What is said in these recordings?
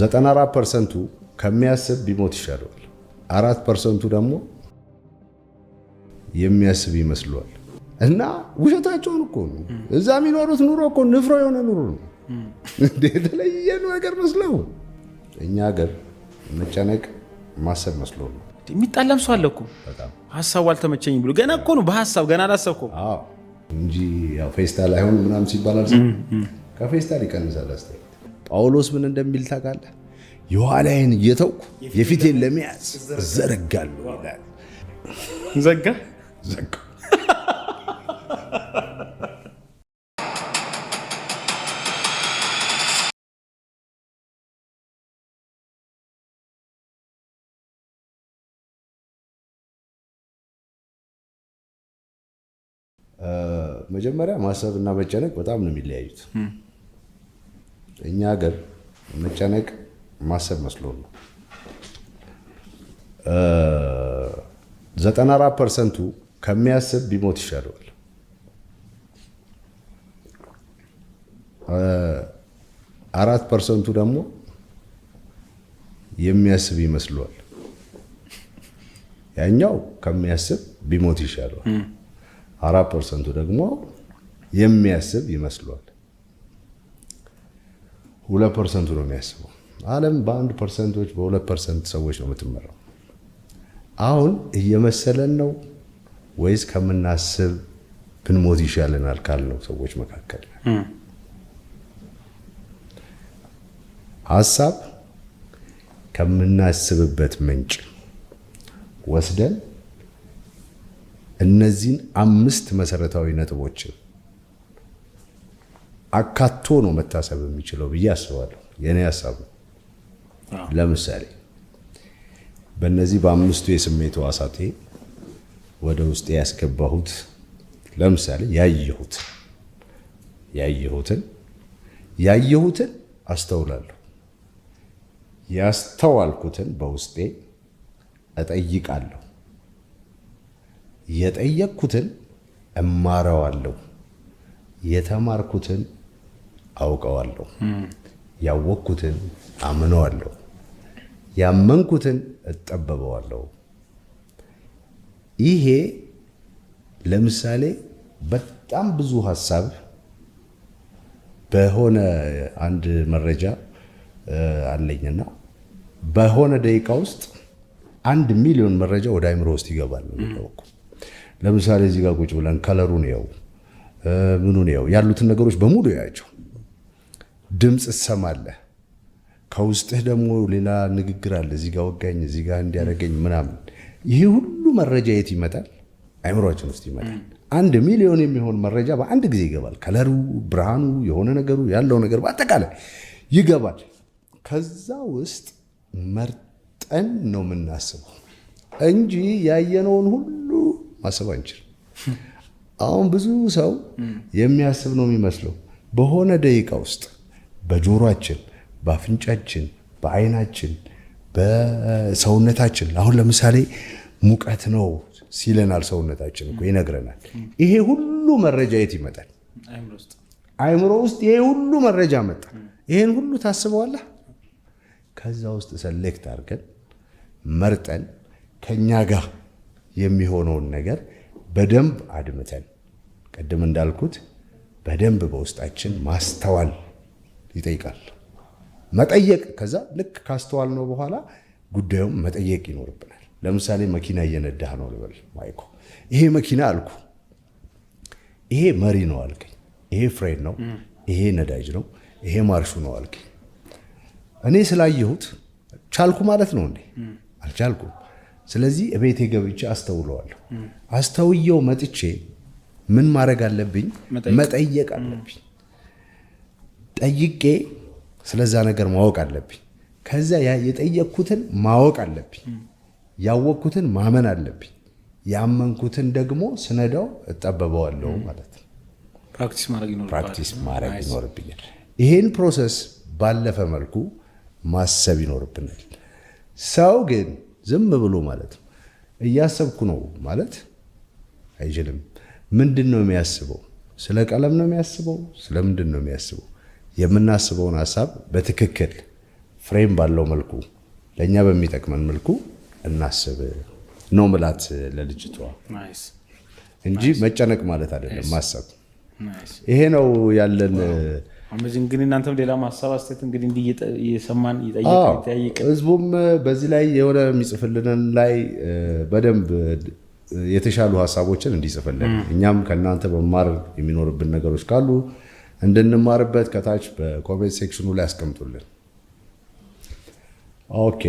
94 ፐርሰንቱ ከሚያስብ ቢሞት ይሻለዋል። አራት ፐርሰንቱ ደግሞ የሚያስብ ይመስለዋል። እና ውሸታቸውን እኮ ነው። እዛ የሚኖሩት ኑሮ እኮ ንፍሮ የሆነ ኑሮ ነው። የተለየ ነገር መስለው እኛ ሀገር መጨነቅ ማሰብ መስሎ ነው። የሚጣላም ሰው አለ እኮ ሀሳቡ አልተመቸኝ ብሎ ገና እኮ ነው በሀሳብ ገና አላሰብኩም እንጂ ፌስታል አይሆን ምናምን ሲባላል ከፌስታል ይቀንሳል አስተያየት ጳውሎስ ምን እንደሚል ታውቃለህ? የኋላዬን እየተውኩ የፊቴን ለመያዝ ዘረጋለሁ ይላል። ዘጋ ዘጋ። መጀመሪያ ማሰብ እና መጨነቅ በጣም ነው የሚለያዩት። እኛ ሀገር መጨነቅ ማሰብ መስሎ ነው። ዘጠና አራት ፐርሰንቱ ከሚያስብ ቢሞት ይሻለዋል። አራት ፐርሰንቱ ደግሞ የሚያስብ ይመስለዋል። ያኛው ከሚያስብ ቢሞት ይሻለዋል። አራት ፐርሰንቱ ደግሞ የሚያስብ ይመስለዋል። ሁለት ፐርሰንቱ ነው የሚያስበው። ዓለም በአንድ ፐርሰንቶች በሁለት ፐርሰንት ሰዎች ነው የምትመራው። አሁን እየመሰለን ነው ወይስ ከምናስብ ብንሞት ይሻለናል ካልነው ሰዎች መካከል ሀሳብ ከምናስብበት ምንጭ ወስደን እነዚህን አምስት መሰረታዊ ነጥቦችን አካቶ ነው መታሰብ የሚችለው ብዬ አስባለሁ። የኔ ሀሳብ ነው። ለምሳሌ በእነዚህ በአምስቱ የስሜት ሕዋሳቴ ወደ ውስጤ ያስገባሁት ለምሳሌ ያየሁት ያየሁትን ያየሁትን አስተውላለሁ። ያስተዋልኩትን በውስጤ እጠይቃለሁ። የጠየቅኩትን እማረዋለሁ። የተማርኩትን አውቀዋለሁ። ያወቅኩትን አምነዋለሁ። ያመንኩትን እጠበበዋለሁ። ይሄ ለምሳሌ በጣም ብዙ ሀሳብ በሆነ አንድ መረጃ አለኝና በሆነ ደቂቃ ውስጥ አንድ ሚሊዮን መረጃ ወደ አይምሮ ውስጥ ይገባል። ለምሳሌ እዚህ ጋር ቁጭ ብለን ከለሩን ያው ምኑን ያው ያሉትን ነገሮች በሙሉ ያያቸው ድምፅ እሰማለህ። ከውስጥህ ደግሞ ሌላ ንግግር አለ። እዚህ ጋር ወጋኝ፣ እዚህ ጋር እንዲያደርገኝ ምናምን። ይሄ ሁሉ መረጃ የት ይመጣል? አይምሯችን ውስጥ ይመጣል። አንድ ሚሊዮን የሚሆን መረጃ በአንድ ጊዜ ይገባል። ከለሩ፣ ብርሃኑ፣ የሆነ ነገሩ፣ ያለው ነገር በአጠቃላይ ይገባል። ከዛ ውስጥ መርጠን ነው የምናስበው እንጂ ያየነውን ሁሉ ማሰብ አንችልም። አሁን ብዙ ሰው የሚያስብ ነው የሚመስለው በሆነ ደቂቃ ውስጥ በጆሮአችን፣ በአፍንጫችን፣ በአይናችን፣ በሰውነታችን አሁን ለምሳሌ ሙቀት ነው ሲለናል፣ ሰውነታችን እኮ ይነግረናል። ይሄ ሁሉ መረጃ የት ይመጣል? አእምሮ ውስጥ ይሄ ሁሉ መረጃ መጣ። ይሄን ሁሉ ታስበዋለህ። ከዛ ውስጥ ሰሌክት አድርገን መርጠን ከኛ ጋር የሚሆነውን ነገር በደንብ አድምተን ቅድም እንዳልኩት በደንብ በውስጣችን ማስተዋል ይጠይቃል። መጠየቅ ከዛ ልክ ካስተዋል ነው በኋላ ጉዳዩም መጠየቅ ይኖርብናል። ለምሳሌ መኪና እየነዳህ ነው ልበል ማይኮ፣ ይሄ መኪና አልኩ፣ ይሄ መሪ ነው አልከኝ፣ ይሄ ፍሬን ነው፣ ይሄ ነዳጅ ነው፣ ይሄ ማርሹ ነው አልከኝ። እኔ ስላየሁት ቻልኩ ማለት ነው እንዴ? አልቻልኩም። ስለዚህ እቤቴ ገብቼ አስተውለዋለሁ። አስተውየው መጥቼ ምን ማድረግ አለብኝ? መጠየቅ አለብኝ። ጠይቄ ስለዛ ነገር ማወቅ አለብኝ። ከዛ የጠየቅኩትን ማወቅ አለብኝ። ያወቅኩትን ማመን አለብኝ። ያመንኩትን ደግሞ ስነዳው እጠበበዋለሁ ማለት ነው። ፕራክቲስ ማድረግ ይኖርብኛል። ይህን ፕሮሰስ ባለፈ መልኩ ማሰብ ይኖርብናል። ሰው ግን ዝም ብሎ ማለት ነው እያሰብኩ ነው ማለት አይችልም። ምንድን ነው የሚያስበው? ስለ ቀለም ነው የሚያስበው? ስለምንድን ነው የሚያስበው? የምናስበውን ሀሳብ በትክክል ፍሬም ባለው መልኩ ለእኛ በሚጠቅመን መልኩ እናስብ ነው ምላት ለልጅቷ እንጂ መጨነቅ ማለት አይደለም። ማሰብ ይሄ ነው ያለን። እንግዲህ እናንተም ሌላ ማሰብ አስተት እንግዲህ እንዲህ እየሰማን ህዝቡም በዚህ ላይ የሆነ የሚጽፍልንን ላይ በደንብ የተሻሉ ሀሳቦችን እንዲጽፍልን hmm. እኛም ከእናንተ መማር የሚኖርብን ነገሮች ካሉ እንድንማርበት ከታች በኮሜንት ሴክሽኑ ላይ አስቀምጡልን። ኦኬ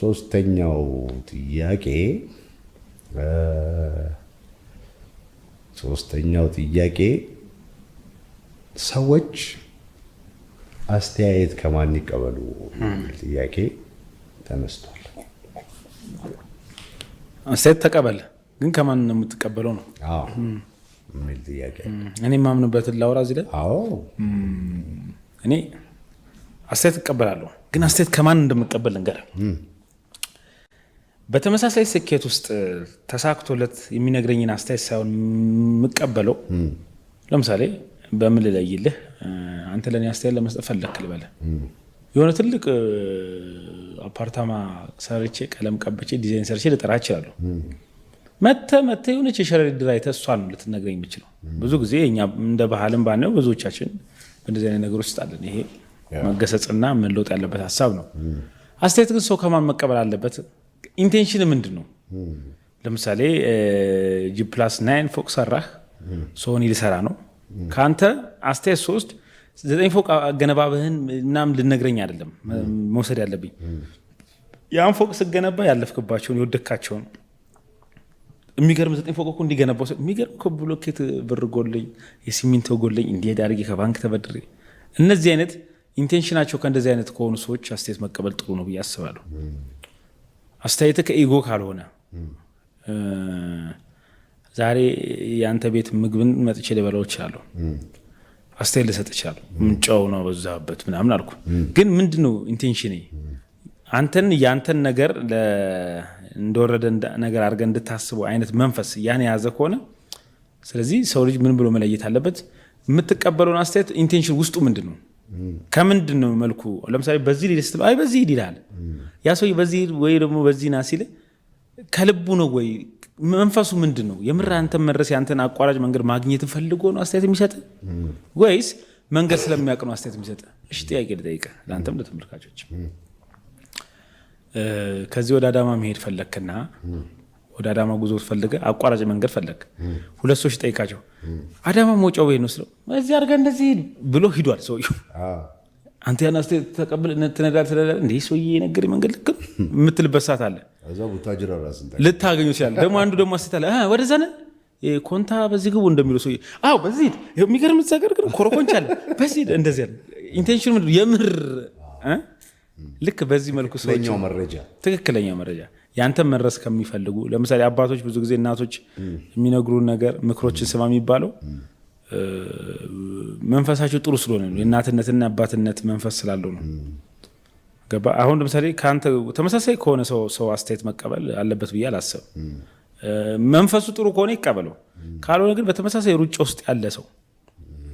ሶስተኛው ጥያቄ ሶስተኛው ጥያቄ ሰዎች አስተያየት ከማን ይቀበሉ ጥያቄ ተነስቷል። አስተያየት ተቀበል፣ ግን ከማን ነው የምትቀበለው ነው የሚል ጥያቄ እኔ የማምንበትን ላውራ እዚህ ላይ። አዎ እኔ አስተያየት እቀበላለሁ፣ ግን አስተያየት ከማን እንደምቀበል ንገር በተመሳሳይ ስኬት ውስጥ ተሳክቶለት የሚነግረኝን አስተያየት ሳይሆን የምቀበለው ለምሳሌ በምን ልለይልህ? አንተ ለእኔ አስተያየት ለመስጠት ፈለክ ልበለ የሆነ ትልቅ አፓርታማ ሰርቼ ቀለም ቀብቼ ዲዛይን ሰርቼ ልጠራ እችላለሁ። መተ መተ የሆነች የሸረሪት ድር እሷን ልትነግረኝ የምችለው። ብዙ ጊዜ እኛ እንደ ባህልም ባናየው ብዙዎቻችን በእንደዚህ አይነት ነገር ውስጥ አለን። ይሄ መገሰጽና መለወጥ ያለበት ሀሳብ ነው። አስተያየት ግን ሰው ከማን መቀበል አለበት? ኢንቴንሽን ምንድን ነው? ለምሳሌ ጂፕላስ ናይን ፎቅ ሰራህ፣ ሰውን ሊሰራ ነው። ከአንተ አስተያየት ሶስት ዘጠኝ ፎቅ አገነባብህን ምናምን ልነግረኝ አይደለም መውሰድ ያለብኝ ያን ፎቅ ስገነባ ያለፍክባቸውን የወደካቸውን የሚገርም ዘጠኝ ፎቅ እኮ እንዲገነባው የሚገርም ከብሎኬት ብር ጎለኝ፣ የሲሚንቶ ጎለኝ እንዲሄድ አድርጌ ከባንክ ተበድሬ። እነዚህ አይነት ኢንቴንሽናቸው ከእንደዚህ አይነት ከሆኑ ሰዎች አስተያየት መቀበል ጥሩ ነው ብዬ አስባለሁ። አስተያየት ከኢጎ ካልሆነ ዛሬ የአንተ ቤት ምግብን መጥቼ ልበላው እችላለሁ፣ አስተያየት ልሰጥ እችላለሁ። ምንጫው ነው በዛበት ምናምን አልኩ። ግን ነው ኢንቴንሽኔ አንተን የአንተን ነገር እንደወረደ ነገር አድርገ እንድታስበው አይነት መንፈስ ያን የያዘ ከሆነ ስለዚህ ሰው ልጅ ምን ብሎ መለየት አለበት? የምትቀበለውን አስተያየት ኢንቴንሽን ውስጡ ምንድን ነው? ከምንድን ነው መልኩ? ለምሳሌ በዚህ ሊድ ስትለው አይ በዚህ ሂድ ይልሃል። ያ ሰው በዚህ ወይ ደግሞ በዚህ ና ሲል ከልቡ ነው ወይ መንፈሱ ምንድን ነው? የምር አንተን መድረስ የአንተን አቋራጭ መንገድ ማግኘት ፈልጎ ነው አስተያየት የሚሰጥ ወይስ መንገድ ስለሚያውቅ ነው አስተያየት የሚሰጥ? እሺ ጥያቄ ልጠይቅህ፣ ለአንተም ለተመልካቾች ከዚህ ወደ አዳማ መሄድ ፈለግክና ወደ አዳማ ጉዞ ፈልገ አቋራጭ መንገድ ፈለግ። ሁለት ሰዎች ጠይቃቸው አዳማ መውጫው ወይ ነው ስለው እዚህ አድርገህ እንደዚህ ብሎ ሂዷል ሰውዬው። አንተ ያን አስ ተቀብል ትነዳል ትነዳል እንደ ሰውዬ የነገር መንገድ ልክ የምትልበት ሰዓት አለ ልታገኙ ሲላል ደግሞ አንዱ ደግሞ አስት አለ ወደዛ ነህ ኮንታ በዚህ ግቡ እንደሚለው ሰው አዎ፣ በዚህ የሚገርም ነገር ግን ኮረኮንች አለ በዚህ እንደዚህ አለ ኢንቴንሽን የምር ልክ በዚህ መልኩ ሰው መረጃ ትክክለኛ መረጃ ያንተ መድረስ ከሚፈልጉ ለምሳሌ አባቶች ብዙ ጊዜ እናቶች የሚነግሩን ነገር ምክሮችን ስማ የሚባለው መንፈሳቸው ጥሩ ስለሆነ ነው። የእናትነትና አባትነት መንፈስ ስላለው ነው። ገባ አሁን ለምሳሌ ከአንተ ተመሳሳይ ከሆነ ሰው ሰው አስተያየት መቀበል አለበት ብዬ አላሰብ። መንፈሱ ጥሩ ከሆነ ይቀበለው፣ ካልሆነ ግን በተመሳሳይ ሩጫ ውስጥ ያለ ሰው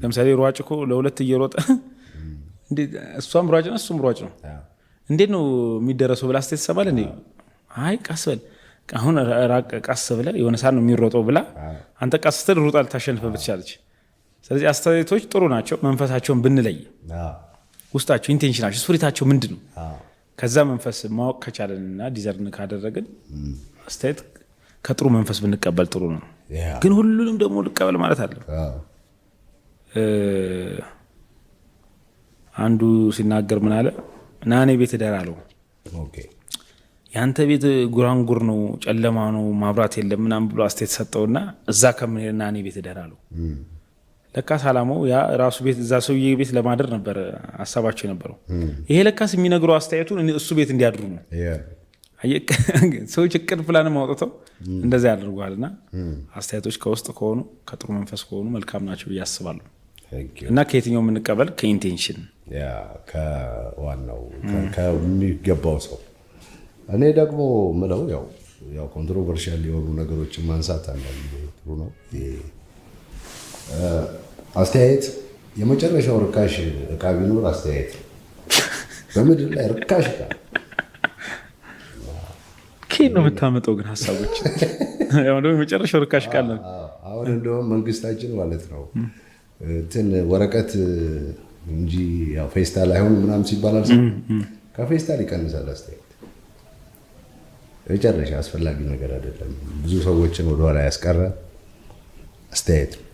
ለምሳሌ ሯጭ እኮ ለሁለት እየሮጠ እሷም ሯጭ ነው እሱም ሯጭ ነው እንዴት ነው የሚደረሰው ብላ አስተያየት ትሰማለህ እ አይ ቀስ በል አሁን ራቅ ቀስ ብለ የሆነ ሰዓት ነው የሚሮጠው ብላ አንተ ቀስ ስትል ሩጣ ልታሸንፈህ ብትቻለች። ስለዚህ አስተያየቶች ጥሩ ናቸው። መንፈሳቸውን ብንለይ ውስጣቸው ኢንቴንሽናቸው ስፕሪታቸው ምንድን ነው ከዛ መንፈስ ማወቅ ከቻለንና ዲዘርን ካደረግን አስተያየት ከጥሩ መንፈስ ብንቀበል ጥሩ ነው። ግን ሁሉንም ደግሞ ልቀበል ማለት አለ። አንዱ ሲናገር ምን አለ እና እኔ ቤት አለው። የአንተ ቤት ጉራንጉር ነው፣ ጨለማ ነው፣ ማብራት የለም ምናምን ብሎ አስተያየት ሰጠውና እዛ ከምንሄድ ናኔ እኔ ቤት አለው። ለካስ አላማው ያ ራሱ ቤት እዛ ሰውዬ ቤት ለማደር ነበር ሀሳባቸው የነበረው። ይሄ ለካስ የሚነግረው አስተያየቱን እሱ ቤት እንዲያድሩ ነው። ሰዎች እቅድ ፕላን አውጥተው እንደዚያ ያደርጓልና አስተያየቶች ከውስጥ ከሆኑ ከጥሩ መንፈስ ከሆኑ መልካም ናቸው ብዬ አስባለሁ። እና ከየትኛው የምንቀበል ከኢንቴንሽን ከዋናው ከሚገባው ሰው። እኔ ደግሞ ምለው ያው ያው ኮንትሮቨርሻል የሆኑ ነገሮችን ማንሳት አንዳንድ ጥሩ ነው። አስተያየት የመጨረሻው ርካሽ እቃ ቢኖር አስተያየት ነው። በምድር ላይ ርካሽ እቃ ኬን ነው የምታመጠው፣ ግን ሀሳቦች የመጨረሻው ርካሽ ቃል ነው። አሁን እንደውም መንግስታችን ማለት ነው እንትን ወረቀት እንጂ ያው ፌስታል አይሆንም ምናምን ሲባላል ከፌስታል ይቀንሳል አስተያየት መጨረሻ አስፈላጊ ነገር አይደለም። ብዙ ሰዎችን ወደኋላ ያስቀረ አስተያየት ነው።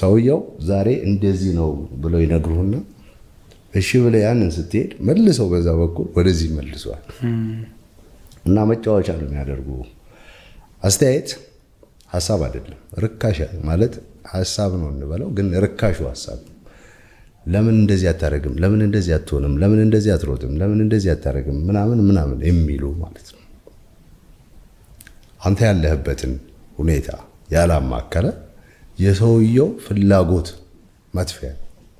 ሰውየው ዛሬ እንደዚህ ነው ብለው ይነግሩህና እሺ ብለህ ያንን ስትሄድ መልሰው በዛ በኩል ወደዚህ መልሷል እና መጫወቻ ነው የሚያደርጉ አስተያየት ሀሳብ አይደለም። ርካሽ ማለት ሀሳብ ነው እንበለው፣ ግን ርካሹ ሀሳብ ነው። ለምን እንደዚህ አታደረግም ለምን እንደዚህ አትሆንም፣ ለምን እንደዚህ አትሮጥም፣ ለምን እንደዚህ አታደርግም ምናምን ምናምን የሚሉ ማለት ነው። አንተ ያለህበትን ሁኔታ ያላማከለ የሰውየው ፍላጎት መጥፊያ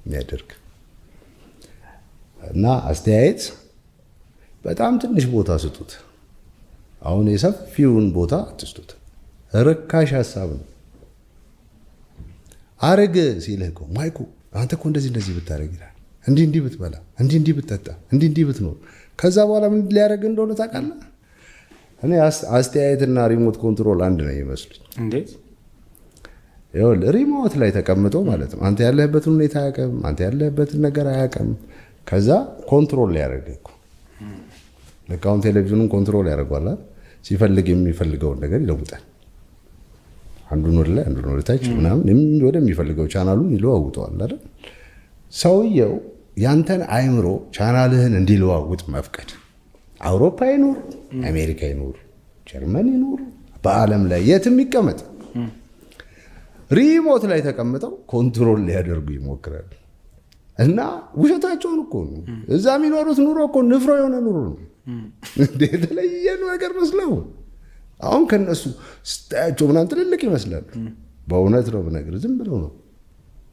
የሚያደርግ እና አስተያየት በጣም ትንሽ ቦታ ስጡት። አሁን የሰፊውን ቦታ አትስጡት። ርካሽ ሀሳብ ነው። አረግ ሲልህ እኮ ማይኩ አንተ እኮ እንደዚህ እንደዚህ ብታደረግ ይላል። እንዲህ እንዲህ ብትበላ፣ እንዲህ እንዲህ ብትጠጣ፣ እንዲህ እንዲህ ብትኖር ከዛ በኋላ ምን ሊያደረግ እንደሆነ ታውቃለህ። እኔ አስተያየትና ሪሞት ኮንትሮል አንድ ነው ይመስሉኝ። እንዴት ሪሞት ላይ ተቀምጦ ማለት ነው። አንተ ያለህበትን ሁኔታ አያውቅም። አንተ ያለህበትን ነገር አያውቅም። ከዛ ኮንትሮል ሊያደረግ እኮ ልክ አሁን ቴሌቪዥኑን ኮንትሮል ያደርጓላል። ሲፈልግ የሚፈልገውን ነገር ይለውጣል። አንዱን ወደ ላይ አንዱን ወደ ታች ምናምን ወደሚፈልገው ቻናሉን ይለዋውጠዋል አይደል? ሰውየው ያንተን አይምሮ ቻናልህን እንዲለዋውጥ መፍቀድ አውሮፓ ይኑር፣ አሜሪካ ይኑር፣ ጀርመን ይኑር፣ በዓለም ላይ የትም ይቀመጥ ሪሞት ላይ ተቀምጠው ኮንትሮል ሊያደርጉ ይሞክራል። እና ውሸታቸውን እኮ ነው። እዛ የሚኖሩት ኑሮ እኮ ንፍሮ የሆነ ኑሮ ነው። የተለየ ነገር መስለው አሁን ከነሱ ስታያቸው ምናምን ትልልቅ ይመስላሉ። በእውነት ነው ብነግር ዝም ብለው ነው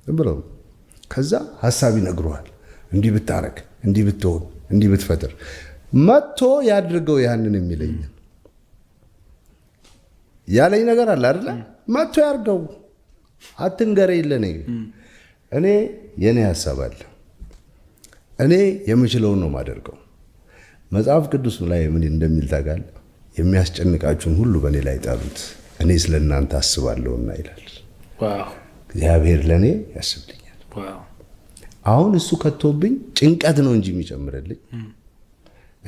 ዝም ብለው ነው። ከዛ ሀሳብ ይነግረዋል። እንዲህ ብታረግ፣ እንዲህ ብትሆን፣ እንዲህ ብትፈጥር መጥቶ ያድርገው ያንን የሚለኝን ያለኝ ነገር አለ አይደለ? መጥቶ ያድርገው። አትንገረ የለን እኔ የእኔ ሀሳብ አለ። እኔ የምችለውን ነው ማደርገው። መጽሐፍ ቅዱስ ላይ ምን እንደሚል ታውቃለህ? የሚያስጨንቃችሁን ሁሉ በእኔ ላይ ጣሉት፣ እኔ ስለ እናንተ አስባለሁና ይላል። እግዚአብሔር ለእኔ ያስብልኛል። አሁን እሱ ከቶብኝ ጭንቀት ነው እንጂ የሚጨምርልኝ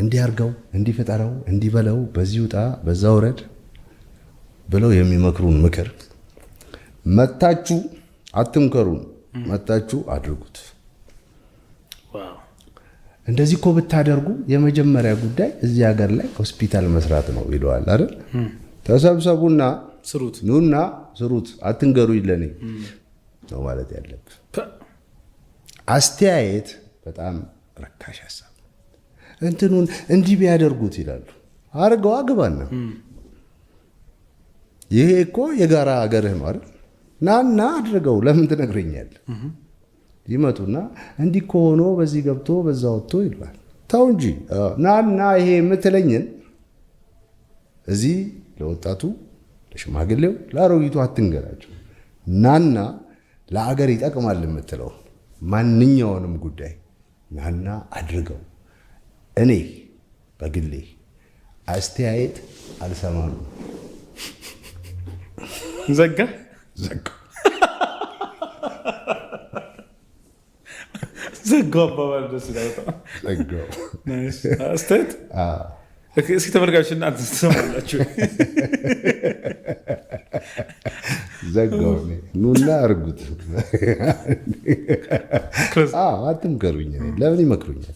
እንዲያርገው እንዲፈጠረው እንዲበለው በዚህ ውጣ፣ በዛ ውረድ ብለው የሚመክሩን ምክር መታችሁ አትምከሩን፣ መታችሁ አድርጉት። እንደዚህ እኮ ብታደርጉ የመጀመሪያ ጉዳይ እዚህ ሀገር ላይ ሆስፒታል መስራት ነው ይለዋል አይደል። ተሰብሰቡና ስሩት፣ ኑና ስሩት፣ አትንገሩ ለኔ ነው ማለት ያለብ። አስተያየት በጣም ረካሽ ሀሳብ እንትኑን እንዲህ ቢያደርጉት ይላሉ። አርገው አግባና ይሄ እኮ የጋራ ሀገርህ ነው አይደል? ናና አድርገው ለምን ትነግረኛለህ? ይመጡና እንዲህ ከሆኖ በዚህ ገብቶ በዛ ወጥቶ ይሏል። ተው እንጂ ናና ይሄ የምትለኝን እዚህ ለወጣቱ፣ ለሽማግሌው፣ ለአሮጊቱ አትንገራቸው። ናና ለአገር ይጠቅማል የምትለው ማንኛውንም ጉዳይ ናና አድርገው። እኔ በግሌ አስተያየት አልሰማም። ዘጋ ዘጋ ዘጋው አባባል ደስ አስተያየት እስኪ ተመልካች እናንተ ትሰማላችሁ። ዘጋው ኑና እርጉት አትምከሩኝ። ለምን ይመክሩኛል?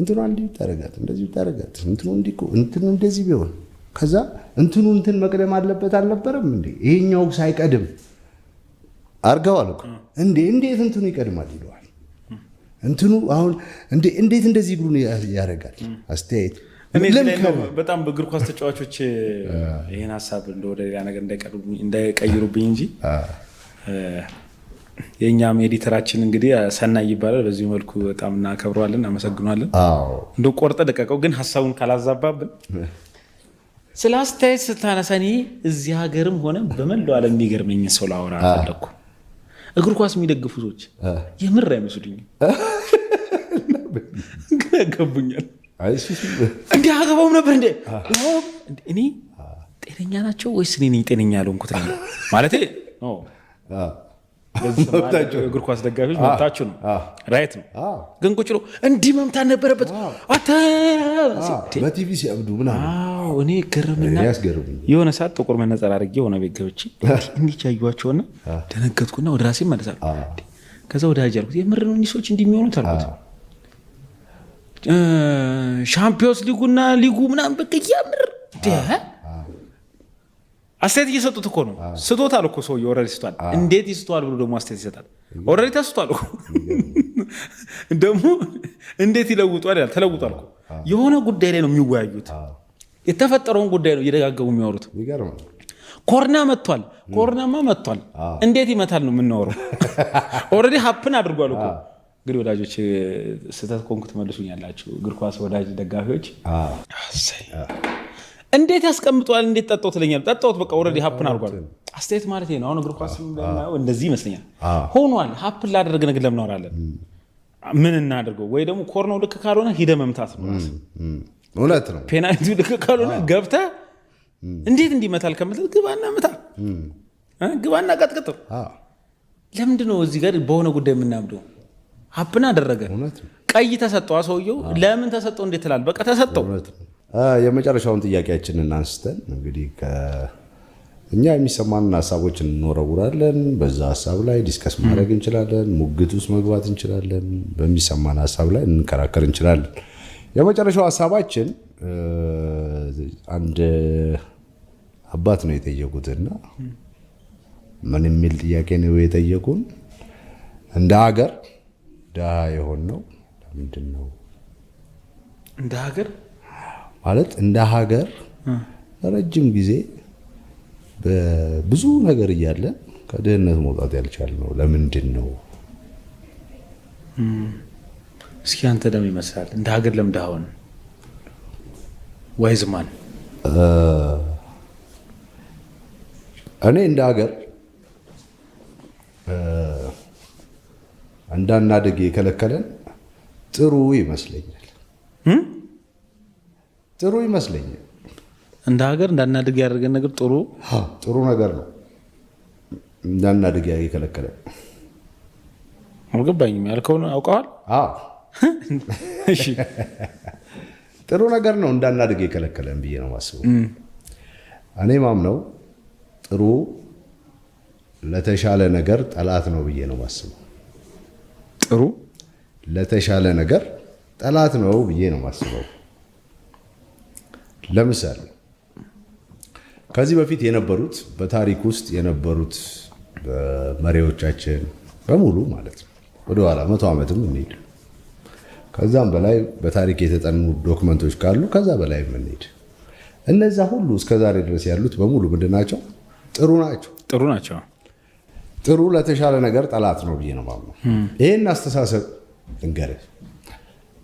እንትኑ እንዲህ ብታረጋት፣ እንደዚህ ብታረጋት፣ እንትኑ እንዲህ እንትኑ እንደዚህ ቢሆን ከዛ እንትኑ እንትን መቅደም አለበት አልነበረም እንዴ? ይሄኛው ሳይቀድም አርገዋል እኮ እንዴ! እንዴት እንትኑ ይቀድማል ይለዋል። እንትኑ አሁን እንዴት እንደዚህ ብሎ ያደርጋል አስተያየት በጣም በእግር ኳስ ተጫዋቾች ይህን ሀሳብ እንደወደ ሌላ ነገር እንዳይቀይሩብኝ እንጂ የእኛም ኤዲተራችን እንግዲህ ሰናይ ይባላል። በዚህ መልኩ በጣም እናከብረዋለን፣ አመሰግኗለን። እንደ ቆርጠ ደቀቀው ግን ሀሳቡን ካላዛባብን ስለ አስተያየት ስታነሳ እኔ እዚህ ሀገርም ሆነ በመላው ዓለም የሚገርመኝ ሰው ላወራ አለኩ እግር ኳስ የሚደግፉ ሰዎች የምር አይመስሉኝም። ያገቡኛል እንዲህ አገባውም ነበር እንዴ? እኔ ጤነኛ ናቸው ወይስ እኔ ነኝ ጤነኛ ያልሆንኩት? ማለት እግር ኳስ ደጋፊዎች መብታችሁ ነው፣ ራይት ነው። ግን ቁጭ እንዲህ መምታት ነበረበት በቲቪ ሲያብዱ ምናምን እኔ ገረምና የሆነ ሰዓት ጥቁር መነጽር አድርጌ የሆነ ቤት ገብቼ እንዲች ያዩቸውና ደነገጥኩና ወደ ራሴ መለሳለሁ። ከዛ ወዳጅ አልኩት የምር ነው እኒህ ሰዎች እንዲህ የሚሆኑት አልኩት። ሻምፒዮንስ ሊጉና ሊጉ ምናምን በቃ እያምር አስተያየት እየሰጡት እኮ ነው። ስቶታል እኮ ሰውዬው ኦልሬዲ ስቷል። እንዴት ይስተዋል ብሎ ደግሞ አስተያየት ይሰጣል። ኦልሬዲ ተስቷል ደግሞ እንዴት ይለውጧል? ተለውጧል። የሆነ ጉዳይ ላይ ነው የሚወያዩት። የተፈጠረውን ጉዳይ ነው እየደጋገሙ የሚያወሩት። ኮርና መጥቷል፣ ኮርናማ መጥቷል። እንዴት ይመታል ነው የምናወረው። ኦልሬዲ ሀፕን አድርጓል እኮ። ወዳጆች፣ ስህተት ኮንኩ ትመልሱኛላችሁ። እግር ኳስ ወዳጅ ደጋፊዎች እንዴት ያስቀምጠዋል? እንዴት ጠጣው ትለኛል። ጠጣሁት፣ በቃ ኦልሬዲ ሀፕን አድርጓል። አስተያየት ማለት ነው። አሁን እግር ኳስ እንደዚህ ይመስለኛል ሆኗል። ሀፕን ላደረገ ነገር ለምናወራለን? ምን እናደርገው? ወይ ደግሞ ኮርነው ልክ ካልሆነ ሂደ መምታት ነው እውነት ነው። ፔናልቲው ልክ ካልሆነ ገብተህ እንዴት እንዲመታል ከምትል ግባና ምታ፣ ግባና ቀጥቅጥ። ለምንድን ነው እዚህ ጋር በሆነ ጉዳይ የምናምደው? ሀፕን አደረገ። ቀይ ተሰጠው ሰውየው ለምን ተሰጠው እንዴት ትላል? በቃ ተሰጠው። የመጨረሻውን ጥያቄያችንን አንስተን እንግዲህ እኛ የሚሰማንን ሀሳቦች እንወረውራለን። በዛ ሀሳብ ላይ ዲስከስ ማድረግ እንችላለን፣ ሙግት ውስጥ መግባት እንችላለን፣ በሚሰማን ሀሳብ ላይ እንከራከር እንችላለን። የመጨረሻው ሀሳባችን አንድ አባት ነው የጠየቁትና ምን የሚል ጥያቄ ነው የጠየቁን? እንደ ሀገር ድሃ የሆን ነው ለምንድን ነው? እንደ ሀገር ማለት እንደ ሀገር ረጅም ጊዜ ብዙ ነገር እያለን ከድህነት መውጣት ያልቻል ነው ለምንድን ነው? እስኪ አንተ ደም ይመስላል እንደ ሀገር ለምዳ ሆን ዋይዝማን እኔ እንደ ሀገር እንዳናድግ የከለከለን ጥሩ ይመስለኛል፣ ጥሩ ይመስለኛል። እንደ ሀገር እንዳናድግ ያደርገን ነገር ጥሩ ጥሩ ነገር ነው። እንዳናድግ የከለከለን አልገባኝም። ያልከውን አውቀዋል ጥሩ ነገር ነው እንዳናድግ የከለከለን ብዬ ነው ማስበው። እኔ ማም ነው ጥሩ ለተሻለ ነገር ጠላት ነው ብዬ ነው ማስበው። ጥሩ ለተሻለ ነገር ጠላት ነው ብዬ ነው ማስበው። ለምሳሌ ከዚህ በፊት የነበሩት በታሪክ ውስጥ የነበሩት መሪዎቻችን በሙሉ ማለት ነው ወደኋላ መቶ ዓመትም እንሄድ ከዛም በላይ በታሪክ የተጠኑ ዶክመንቶች ካሉ ከዛ በላይ የምንሄድ እነዛ ሁሉ እስከዛሬ ድረስ ያሉት በሙሉ ምንድን ናቸው? ጥሩ ናቸው። ጥሩ ናቸው። ጥሩ ለተሻለ ነገር ጠላት ነው ብዬ ነው የማምነው። ይህን አስተሳሰብ እንገርህ።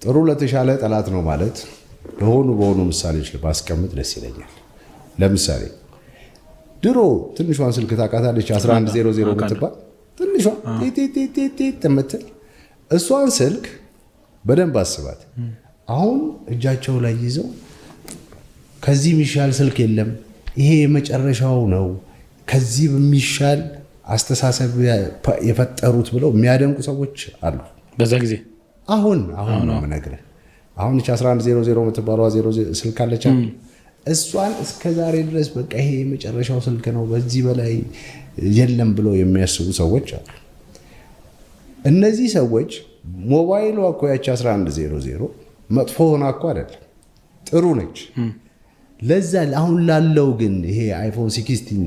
ጥሩ ለተሻለ ጠላት ነው ማለት በሆኑ በሆኑ ምሳሌዎች ባስቀምጥ ደስ ይለኛል። ለምሳሌ ድሮ ትንሿን ስልክ ታውቃታለች፣ 1100 የምትባል ትንሿ የምትል እሷን ስልክ በደንብ አስባት። አሁን እጃቸው ላይ ይዘው ከዚህ የሚሻል ስልክ የለም፣ ይሄ የመጨረሻው ነው፣ ከዚህ የሚሻል አስተሳሰብ የፈጠሩት ብለው የሚያደንቁ ሰዎች አሉ። በዛ ጊዜ አሁን አሁን ነው የምነግርህ። አሁን 1100 የምትባለዋ ስልክ አለች እሷን እስከ ዛሬ ድረስ በቃ ይሄ የመጨረሻው ስልክ ነው፣ በዚህ በላይ የለም ብለው የሚያስቡ ሰዎች አሉ። እነዚህ ሰዎች ሞባይሉ እኮ ያቺ 1100 መጥፎ ሆና እኮ አይደለም፣ ጥሩ ነች። ለዛ አሁን ላለው ግን ይሄ አይፎን ሲክስቲን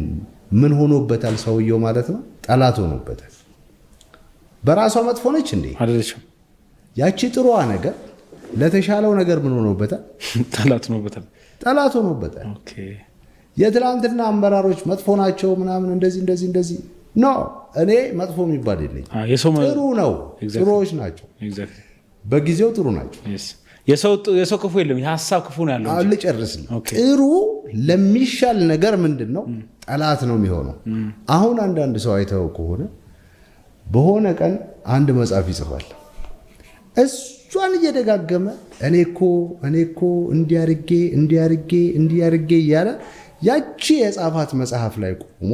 ምን ሆኖበታል? ሰውየው ማለት ነው ጠላት ሆኖበታል። በራሷ መጥፎ ነች እንዴ? ያቺ ጥሩዋ ነገር ለተሻለው ነገር ምን ሆኖበታል? ጠላት ሆኖበታል። ጠላት ሆኖበታል። የትላንትና አመራሮች መጥፎ ናቸው ምናምን እንደዚህ እንደዚህ እንደዚህ ኖ እኔ መጥፎ የሚባል የለኝ። ጥሩ ነው፣ ጥሩዎች ናቸው፣ በጊዜው ጥሩ ናቸው። የሰው ክፉ የለም፣ የሀሳብ ክፉ ነው ያለው። ልጨርስ። ጥሩ ለሚሻል ነገር ምንድን ነው mm. ጠላት ነው የሚሆነው። mm. አሁን አንዳንድ ሰው አይተው ከሆነ በሆነ ቀን አንድ መጽሐፍ ይጽፋል። እሷን እየደጋገመ እኔ እኮ እኔ እኮ እንዲያርጌ እንዲያርጌ እንዲያርጌ እያለ ያቺ የጻፋት መጽሐፍ ላይ ቆሞ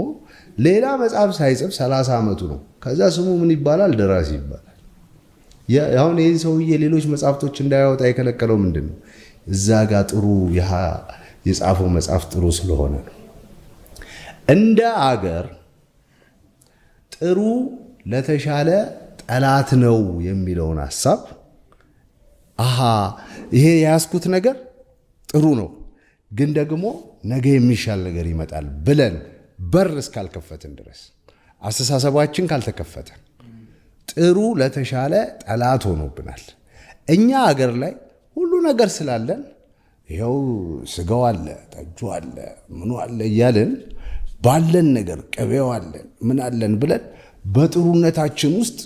ሌላ መጽሐፍ ሳይጽፍ 30 ዓመቱ ነው። ከዛ ስሙ ምን ይባላል? ደራሲ ይባላል። አሁን ይህን ሰውዬ ሌሎች መጽሐፍቶች እንዳያወጣ የከለከለው ምንድን ነው? እዛ ጋር ጥሩ የጻፈው መጽሐፍ ጥሩ ስለሆነ ነው። እንደ አገር ጥሩ ለተሻለ ጠላት ነው የሚለውን ሀሳብ አሃ ይሄ የያዝኩት ነገር ጥሩ ነው፣ ግን ደግሞ ነገ የሚሻል ነገር ይመጣል ብለን በር እስካልከፈትን ድረስ አስተሳሰባችን ካልተከፈተ ጥሩ ለተሻለ ጠላት ሆኖብናል። እኛ አገር ላይ ሁሉ ነገር ስላለን ይኸው ስጋው አለ፣ ጠጁ አለ፣ ምኑ አለ እያልን ባለን ነገር ቅቤው አለን ምን አለን ብለን በጥሩነታችን ውስጥ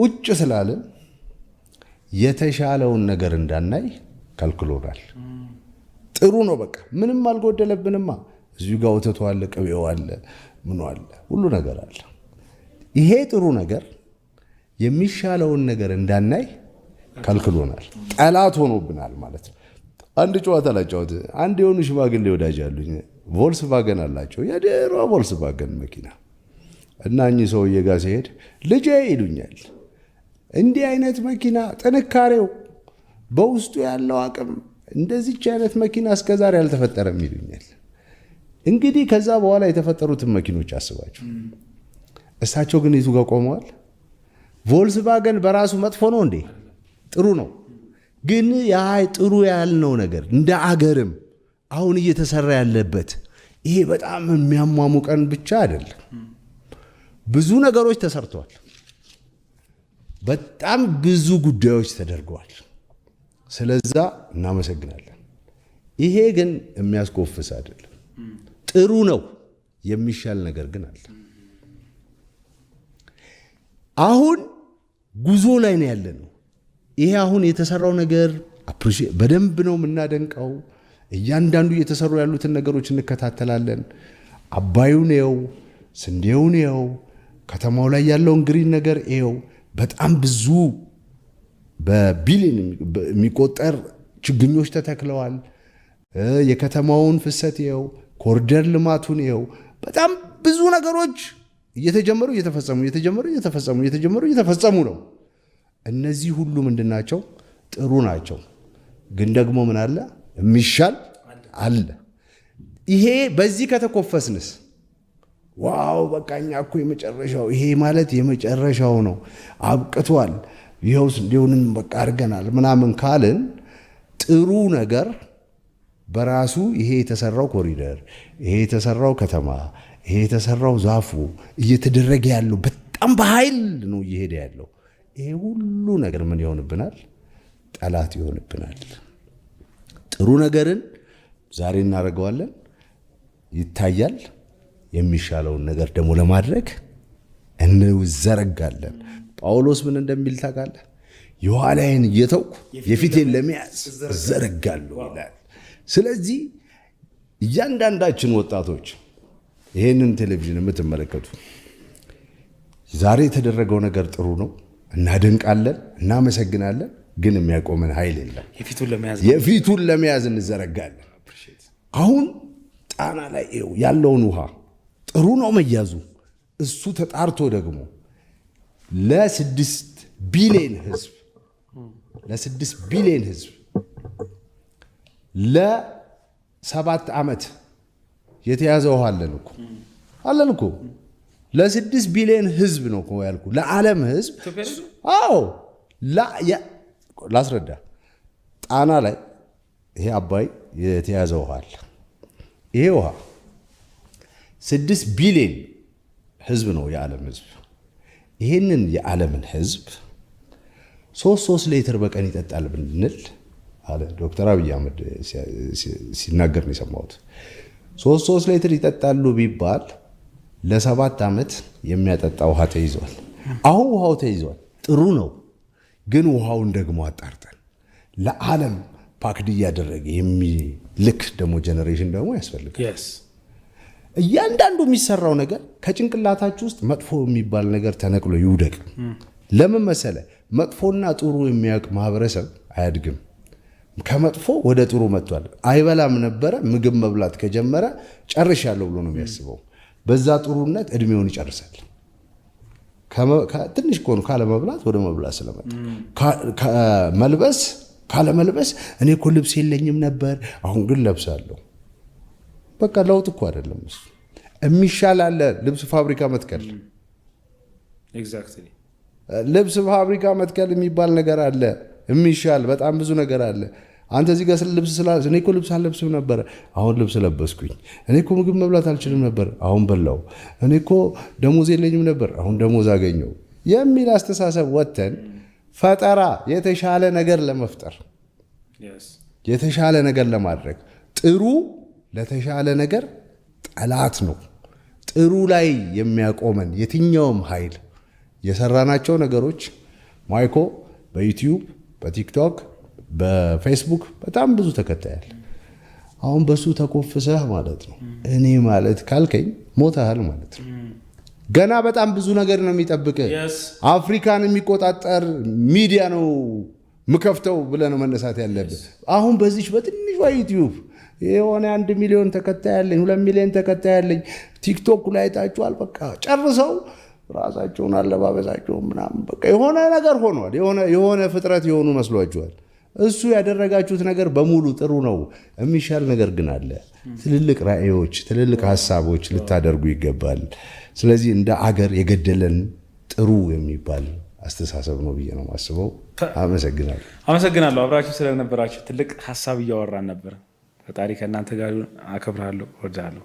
ቁጭ ስላለን የተሻለውን ነገር እንዳናይ ከልክሎናል። ጥሩ ነው በቃ ምንም አልጎደለብንማ። እዚሁ ጋር ወተቱ አለ፣ ቅቤው አለ፣ ምኑ አለ፣ ሁሉ ነገር አለ። ይሄ ጥሩ ነገር የሚሻለውን ነገር እንዳናይ ከልክሎናል፣ ጠላት ሆኖብናል ማለት ነው። አንድ ጨዋታ ላጫወት። አንድ የሆኑ ሽማግሌ ወዳጅ አሉኝ። ቮልስቫገን አላቸው፣ የድሮ ቮልስቫገን መኪና እና እኚህ ሰውዬ ጋር ሲሄድ ልጄ ይሉኛል። እንዲህ አይነት መኪና ጥንካሬው፣ በውስጡ ያለው አቅም እንደዚች አይነት መኪና እስከዛሬ አልተፈጠረም ይሉኛል። እንግዲህ ከዛ በኋላ የተፈጠሩትን መኪኖች አስባቸው። እሳቸው ግን የቱ ጋር ቆመዋል? ቮልስቫገን በራሱ መጥፎ ነው እንዴ? ጥሩ ነው። ግን ያ ጥሩ ያልነው ነገር እንደ አገርም አሁን እየተሰራ ያለበት ይሄ በጣም የሚያሟሙቀን ብቻ አይደለም። ብዙ ነገሮች ተሰርተዋል። በጣም ብዙ ጉዳዮች ተደርገዋል። ስለዛ እናመሰግናለን። ይሄ ግን የሚያስኮፍስ አይደለም። ጥሩ ነው የሚሻል ነገር ግን አለ። አሁን ጉዞ ላይ ነው ያለ ነው። ይሄ አሁን የተሰራው ነገር በደንብ ነው የምናደንቀው። እያንዳንዱ እየተሰሩ ያሉትን ነገሮች እንከታተላለን። አባዩን የው፣ ስንዴውን የው፣ ከተማው ላይ ያለውን ግሪን ነገር ው በጣም ብዙ በቢሊን የሚቆጠር ችግኞች ተተክለዋል። የከተማውን ፍሰት የው ኮሪደር ልማቱን ይኸው በጣም ብዙ ነገሮች እየተጀመሩ እየተፈጸሙ እየተጀመሩ እየተፈጸሙ እየተጀመሩ እየተፈጸሙ ነው። እነዚህ ሁሉ ምንድን ናቸው? ጥሩ ናቸው። ግን ደግሞ ምን አለ የሚሻል አለ። ይሄ በዚህ ከተኮፈስንስ ዋው በቃ እኛ እኮ የመጨረሻው ይሄ ማለት የመጨረሻው ነው አብቅቷል፣ ይኸውስ እንዲሁንም በቃ አድርገናል ምናምን ካልን ጥሩ ነገር በራሱ ይሄ የተሰራው ኮሪደር፣ ይሄ የተሰራው ከተማ፣ ይሄ የተሰራው ዛፉ እየተደረገ ያለው በጣም በኃይል ነው እየሄደ ያለው። ይሄ ሁሉ ነገር ምን ይሆንብናል? ጠላት ይሆንብናል። ጥሩ ነገርን ዛሬ እናደርገዋለን፣ ይታያል። የሚሻለውን ነገር ደግሞ ለማድረግ እንዘረጋለን። ጳውሎስ ምን እንደሚል ታውቃለህ? የኋላዬን እየተውኩ የፊቴን ለመያዝ እዘረጋለሁ ይላል። ስለዚህ እያንዳንዳችን ወጣቶች ይህንን ቴሌቪዥን የምትመለከቱ ዛሬ የተደረገው ነገር ጥሩ ነው፣ እናደንቃለን፣ እናመሰግናለን። ግን የሚያቆመን ኃይል የለም። የፊቱን ለመያዝ እንዘረጋለን። አሁን ጣና ላይ ያለውን ውሃ ጥሩ ነው መያዙ። እሱ ተጣርቶ ደግሞ ለስድስት ቢሊዮን ህዝብ ለስድስት ቢሊዮን ህዝብ ለሰባት ዓመት የተያዘ ውሃ አለን እኮ አለን እኮ ለስድስት ቢሊዮን ህዝብ ነው እኮ ያልኩ፣ ለዓለም ህዝብ። አዎ ላስረዳ። ጣና ላይ ይሄ አባይ የተያዘ ውሃ አለ። ይሄ ውሃ ስድስት ቢሊዮን ህዝብ ነው የዓለም ህዝብ። ይህንን የዓለምን ህዝብ ሶስት ሶስት ሌትር በቀን ይጠጣል ብንል አለ ዶክተር አብይ አህመድ ሲናገር ነው የሰማሁት። ሶስት ሶስት ሌትር ይጠጣሉ ቢባል ለሰባት ዓመት የሚያጠጣ ውሃ ተይዟል። አሁን ውሃው ተይዟል፣ ጥሩ ነው። ግን ውሃውን ደግሞ አጣርጠን ለዓለም ፓክድ እያደረገ የሚልክ ደግሞ ጀኔሬሽን ደግሞ ያስፈልጋል። እያንዳንዱ የሚሰራው ነገር ከጭንቅላታችሁ ውስጥ መጥፎ የሚባል ነገር ተነቅሎ ይውደቅ። ለምን መሰለ? መጥፎና ጥሩ የሚያውቅ ማህበረሰብ አያድግም። ከመጥፎ ወደ ጥሩ መጥቷል። አይበላም ነበረ ምግብ መብላት ከጀመረ ጨርሻለሁ ብሎ ነው የሚያስበው። በዛ ጥሩነት እድሜውን ይጨርሳል። ትንሽ ከሆኑ ካለመብላት ወደ መብላት ስለመጣ መልበስ ካለመልበስ እኔ እኮ ልብስ የለኝም ነበር፣ አሁን ግን ለብሳለሁ። በቃ ለውጥ እኮ አይደለም እሱ። የሚሻል አለ ልብስ ፋብሪካ መትከል ልብስ ፋብሪካ መትከል የሚባል ነገር አለ። የሚሻል በጣም ብዙ ነገር አለ። አንተ እዚህ ጋር ልብስ ስላ እኔ እኮ ልብስ አልለብስም ነበረ፣ አሁን ልብስ ለበስኩኝ። እኔ እኮ ምግብ መብላት አልችልም ነበር፣ አሁን በላው። እኔ እኮ ደሞዝ የለኝም ነበር፣ አሁን ደሞዝ አገኘው የሚል አስተሳሰብ ወጥተን ፈጠራ የተሻለ ነገር ለመፍጠር የተሻለ ነገር ለማድረግ ጥሩ ለተሻለ ነገር ጠላት ነው። ጥሩ ላይ የሚያቆመን የትኛውም ኃይል የሰራናቸው ነገሮች ማይኮ በዩቲዩብ በቲክቶክ በፌስቡክ በጣም ብዙ ተከታይ አሁን በሱ ተኮፍሰህ ማለት ነው እኔ ማለት ካልከኝ ሞተሃል ማለት ነው። ገና በጣም ብዙ ነገር ነው የሚጠብቅ። አፍሪካን የሚቆጣጠር ሚዲያ ነው ምከፍተው ብለህ ነው መነሳት ያለብህ። አሁን በዚች በትንሿ ዩቲዩብ የሆነ አንድ ሚሊዮን ተከታይ ያለኝ ሁለት ሚሊዮን ተከታይ ያለኝ ቲክቶክ ላይ አይታችኋል። በቃ ጨርሰው ራሳቸውን አለባበሳቸውን ምናምን በቃ የሆነ ነገር ሆኗል። የሆነ ፍጥረት የሆኑ መስሏቸዋል። እሱ ያደረጋችሁት ነገር በሙሉ ጥሩ ነው። የሚሻል ነገር ግን አለ። ትልልቅ ራዕዮች፣ ትልልቅ ሀሳቦች ልታደርጉ ይገባል። ስለዚህ እንደ አገር የገደለን ጥሩ የሚባል አስተሳሰብ ነው ብዬ ነው የማስበው። አመሰግናለሁ። አመሰግናለሁ አብራችሁ ስለነበራችሁ። ትልቅ ሀሳብ እያወራን ነበር። ፈጣሪ ከእናንተ ጋር። አከብራለሁ፣ ወዳለሁ።